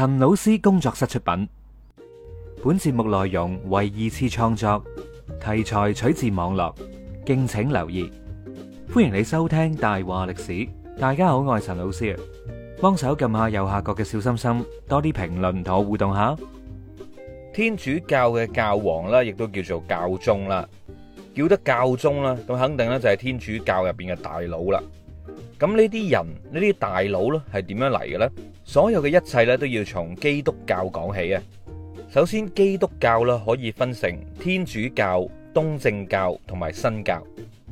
陳老師工作室出品，本節目內容為二次創作，題材取自網絡，敬請留意。歡迎你收聽《大話歷史》，大家好，我係陳老師，幫手撳下右下角嘅小心心，多啲評論同我互動下。天主教嘅教皇啦，亦都叫做教宗啦，叫得教宗啦，咁肯定咧就係天主教入邊嘅大佬啦。咁呢啲人呢啲大佬呢，係點樣嚟嘅呢？所有嘅一切呢，都要從基督教講起啊。首先，基督教呢可以分成天主教、東正教同埋新教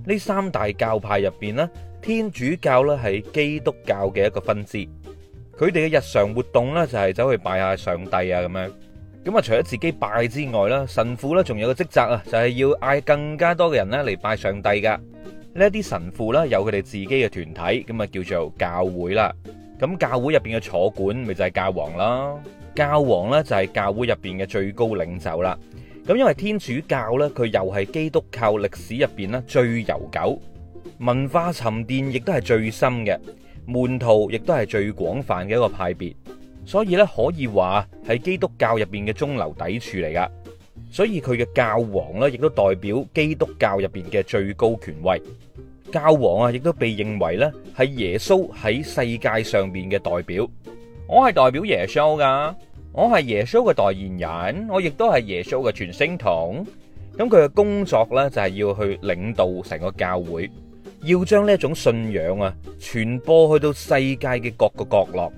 呢三大教派入邊呢。天主教呢係基督教嘅一個分支，佢哋嘅日常活動呢就係走去拜下上帝啊咁樣。咁啊，除咗自己拜之外呢，神父呢仲有個職責啊，就係要嗌更加多嘅人呢嚟拜上帝噶。呢啲神父咧，有佢哋自己嘅團體，咁啊叫做教會啦。咁教會入邊嘅坐管咪就係教皇啦。教皇咧就係教會入邊嘅最高領袖啦。咁因為天主教咧，佢又係基督教歷史入邊咧最悠久、文化沉澱亦都係最深嘅門徒，亦都係最廣泛嘅一個派別，所以咧可以話係基督教入邊嘅中流砥柱嚟噶。所以佢嘅教皇咧，亦都代表基督教入邊嘅最高權威。教皇啊，亦都被認為咧係耶穌喺世界上邊嘅代表。我係代表耶穌噶，我係耶穌嘅代言人，我亦都係耶穌嘅傳聲筒。咁佢嘅工作咧就係要去領導成個教會，要將呢一種信仰啊傳播去到世界嘅各個角落。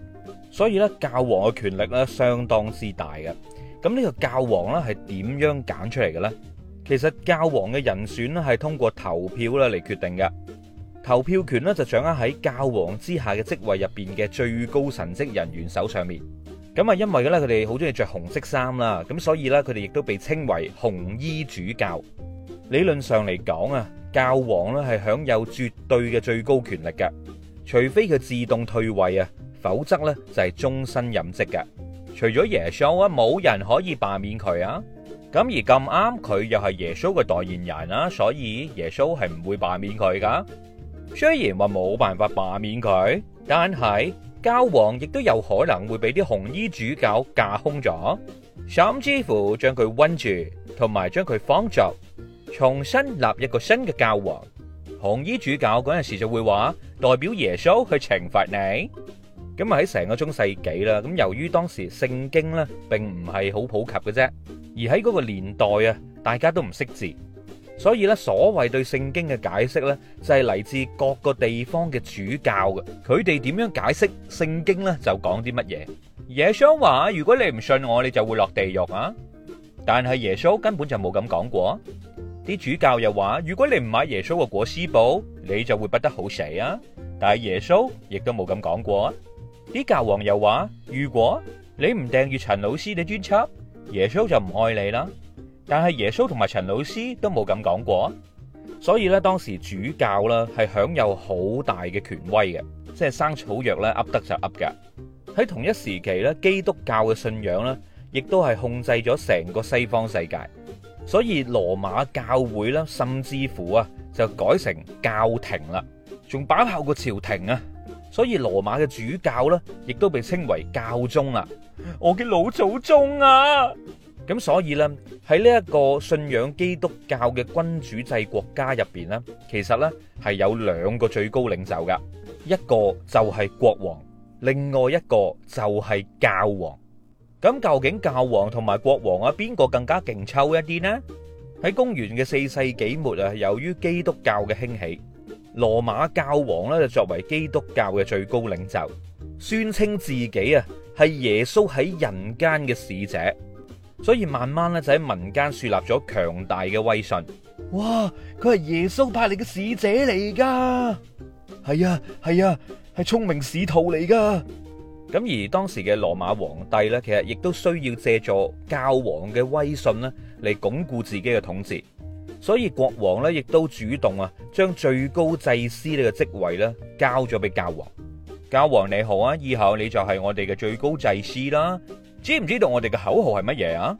所以咧，教皇嘅權力咧相當之大嘅。咁呢個教皇咧係點樣揀出嚟嘅咧？其實教皇嘅人選咧係通過投票咧嚟決定嘅，投票權咧就掌握喺教皇之下嘅職位入邊嘅最高神職人員手上面。咁啊，因為咧佢哋好中意着紅色衫啦，咁所以咧佢哋亦都被稱為紅衣主教。理論上嚟講啊，教皇咧係享有絕對嘅最高權力嘅，除非佢自動退位啊，否則咧就係終身任職嘅。除咗耶穌啊，冇人可以罷免佢啊。咁而咁啱佢又係耶穌嘅代言人啦，所以耶穌係唔會罷免佢噶。雖然話冇辦法罷免佢，但係教皇亦都有可能會俾啲紅衣主教架空咗，甚至乎將佢困住，同埋將佢放逐，重新立一個新嘅教皇。紅衣主教嗰陣時就會話，代表耶穌去懲罰你。咁啊！喺成個中世紀啦，咁由於當時聖經呢並唔係好普及嘅啫，而喺嗰個年代啊，大家都唔識字，所以呢所謂對聖經嘅解釋呢就係嚟自各個地方嘅主教嘅，佢哋點樣解釋聖經呢就講啲乜嘢。耶穌話：如果你唔信我，你就會落地獄啊。但係耶穌根本就冇咁講過。啲主教又話：如果你唔買耶穌嘅果思寶，你就會不得好死啊。但係耶穌亦都冇咁講過。啲教皇又話：如果你唔訂閱陳老師嘅專輯，耶穌就唔愛你啦。但係耶穌同埋陳老師都冇咁講過，所以咧當時主教咧係享有好大嘅權威嘅，即係生草藥咧噏得就噏噶。喺同一時期咧，基督教嘅信仰咧，亦都係控制咗成個西方世界。所以羅馬教會咧，甚至乎啊，就改成教廷啦，仲把炮過朝廷啊！所以羅馬嘅主教咧，亦都被稱為教宗啦。我嘅老祖宗啊！咁所以咧，喺呢一個信仰基督教嘅君主制國家入邊咧，其實咧係有兩個最高領袖噶，一個就係國王，另外一個就係教皇。咁究竟教皇同埋國王啊，邊個更加勁抽一啲呢？喺公元嘅四世紀末啊，由於基督教嘅興起。羅馬教皇咧就作為基督教嘅最高領袖，宣稱自己啊係耶穌喺人間嘅使者，所以慢慢咧就喺民間樹立咗強大嘅威信。哇！佢係耶穌派嚟嘅使者嚟噶，係啊係啊，係聰明使徒嚟噶。咁而當時嘅羅馬皇帝咧，其實亦都需要借助教皇嘅威信咧嚟鞏固自己嘅統治。所以國王咧，亦都主動啊，將最高祭司呢個職位咧，交咗俾教皇。教皇你好啊，以後你就係我哋嘅最高祭司啦。知唔知道我哋嘅口號係乜嘢啊？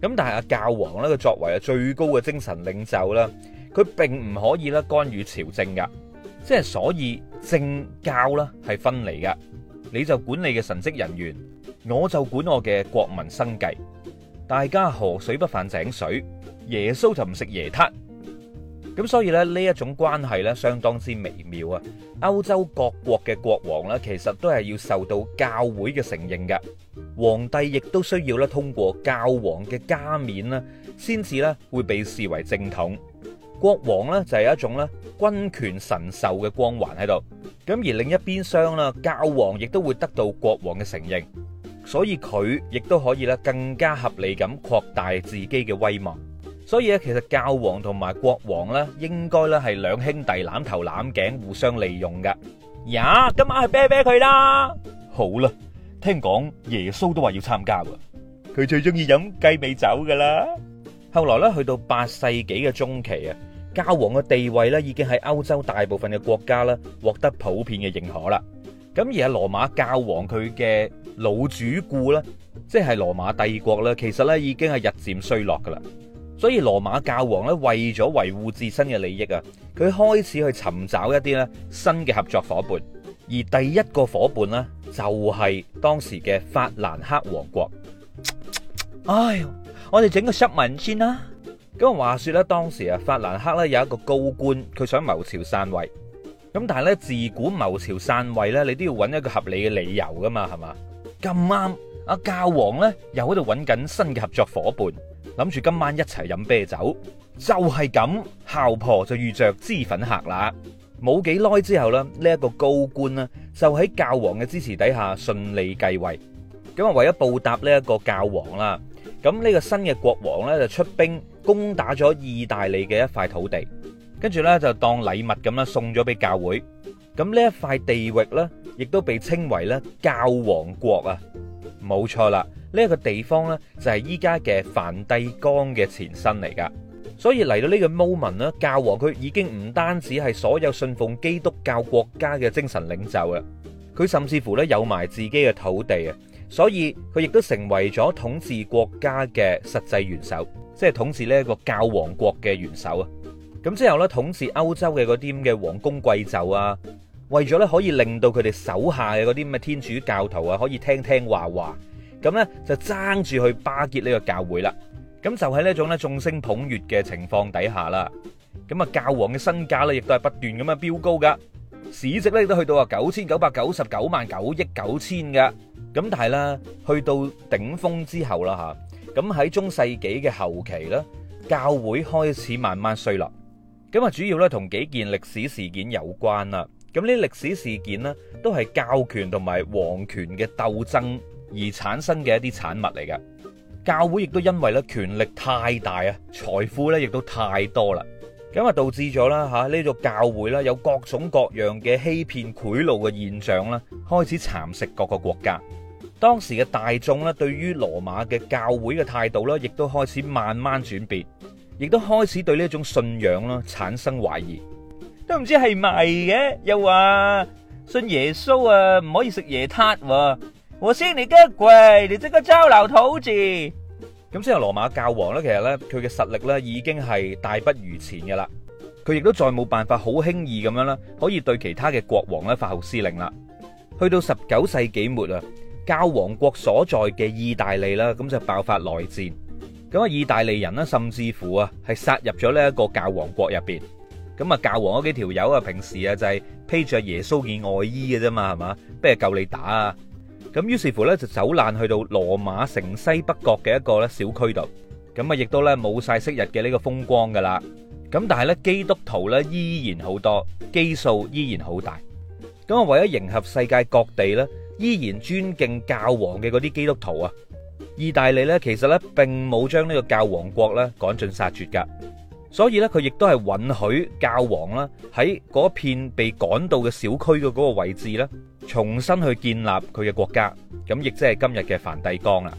咁但係啊，教皇咧，佢作為啊最高嘅精神領袖啦，佢並唔可以咧干預朝政㗎，即係所以政教啦係分離㗎。你就管理嘅神職人員。我就管我嘅國民生計，大家河水不犯井水。耶穌就唔食椰塔咁，所以咧呢一種關係呢，相當之微妙啊。歐洲各國嘅國王其實都係要受到教會嘅承認嘅。皇帝亦都需要咧通過教皇嘅加冕啦，先至咧會被視為正統。國王就係一種咧君權神授嘅光環喺度。咁而另一邊廂啦，教皇亦都會得到國王嘅承認。所以佢亦都可以咧，更加合理咁擴大自己嘅威望。所以咧，其實教皇同埋國王咧，應該咧係兩兄弟，攬頭攬頸，互相利用噶。呀，今晚去啤啤佢啦。好啦，聽講耶穌都話要參加啊。佢最中意飲雞尾酒噶啦。後來咧，去到八世紀嘅中期啊，教皇嘅地位咧，已經喺歐洲大部分嘅國家啦，獲得普遍嘅認可啦。咁而係羅馬教皇佢嘅老主顧呢，即係羅馬帝國呢，其實呢已經係日漸衰落噶啦。所以羅馬教皇呢，為咗維護自身嘅利益啊，佢開始去尋找一啲呢新嘅合作夥伴。而第一個夥伴呢，就係當時嘅法蘭克王國。哎呦，我哋整個失文先啦。咁話說呢，當時啊，法蘭克呢有一個高官，佢想謀朝篡位。咁但係咧，自古謀朝篡位咧，你都要揾一個合理嘅理由噶嘛，係嘛？咁啱，阿教皇呢又喺度揾緊新嘅合作伙伴，諗住今晚一齊飲啤酒，就係、是、咁，校婆就遇着脂粉客啦。冇幾耐之後呢一、這個高官呢就喺教皇嘅支持底下順利繼位。咁啊，為咗報答呢一個教皇啦，咁、這、呢個新嘅國王呢，就出兵攻打咗意大利嘅一塊土地。跟住咧就當禮物咁啦，送咗俾教會，咁呢一塊地域咧亦都被稱為咧教皇國啊。冇錯啦，呢一個地方咧就係依家嘅梵蒂岡嘅前身嚟噶，所以嚟到呢個 moment，教皇佢已經唔單止係所有信奉基督教國家嘅精神領袖啊，佢甚至乎咧有埋自己嘅土地啊，所以佢亦都成為咗統治國家嘅實際元首，即係統治呢一個教皇國嘅元首啊。咁之後咧，統治歐洲嘅嗰啲咁嘅王公貴胄啊，為咗咧可以令到佢哋手下嘅嗰啲咁嘅天主教徒啊，可以聽聽話話，咁咧就爭住去巴結呢個教會啦。咁就喺呢一種咧眾星捧月嘅情況底下啦，咁啊教皇嘅身價咧亦都係不斷咁樣飆高噶，市值咧亦都去到啊九千九百九十九萬九億九千噶。咁但係啦，去到頂峰之後啦嚇，咁喺中世紀嘅後期咧，教會開始慢慢衰落。咁啊，主要咧同幾件歷史事件有關啦，咁呢歷史事件咧都係教權同埋皇權嘅鬥爭而產生嘅一啲產物嚟嘅。教會亦都因為咧權力太大啊，財富咧亦都太多啦，咁啊導致咗啦吓呢個教會咧，有各種各樣嘅欺騙賄賂嘅現象啦，開始蠶食各個國家。當時嘅大眾咧對於羅馬嘅教會嘅態度咧，亦都開始慢慢轉變。亦都開始對呢一種信仰啦產生懷疑，都唔知係咪嘅，又話信耶穌啊唔可以食椰撻喎，我先你個鬼，你即刻收留土字。咁先後羅馬教皇咧，其實咧佢嘅實力咧已經係大不如前嘅啦，佢亦都再冇辦法好輕易咁樣啦，可以對其他嘅國王咧發號施令啦。去到十九世紀末啊，教皇國所在嘅意大利啦，咁就爆發內戰。咁啊，意大利人咧，甚至乎啊，係殺入咗呢一個教皇國入邊。咁啊，教皇嗰幾條友啊，平時啊就係披著耶穌件外衣嘅啫嘛，係嘛，邊係夠你打啊？咁於是乎咧，就走爛去到羅馬城西北角嘅一個咧小區度。咁啊，亦都咧冇晒昔日嘅呢個風光噶啦。咁但係咧，基督徒咧依然好多，基數依然好大。咁啊，為咗迎合世界各地咧，依然尊敬教皇嘅嗰啲基督徒啊。意大利咧，其實咧並冇將呢個教皇國咧趕盡殺絕㗎，所以咧佢亦都係允許教皇啦喺嗰片被趕到嘅小區嘅嗰個位置咧，重新去建立佢嘅國家。咁亦即係今日嘅梵蒂岡啦。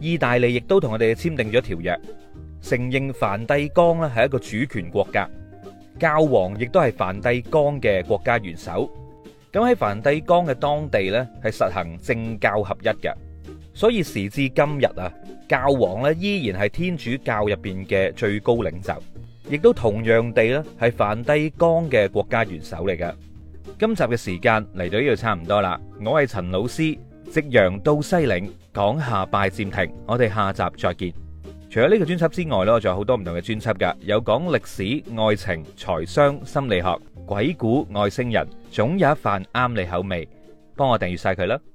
意大利亦都同我哋簽訂咗條約，承認梵蒂岡咧係一個主權國家，教皇亦都係梵蒂岡嘅國家元首。咁喺梵蒂岡嘅當地咧係實行政教合一嘅。所以時至今日啊，教皇呢依然係天主教入邊嘅最高領袖，亦都同樣地呢係梵蒂岡嘅國家元首嚟噶。今集嘅時間嚟到呢度差唔多啦，我係陳老師，夕陽到西嶺講下拜占庭，我哋下集再見。除咗呢個專輯之外呢，我仲有好多唔同嘅專輯噶，有講歷史、愛情、財商、心理學、鬼故、外星人，總有一瓣啱你口味。幫我訂閱晒佢啦～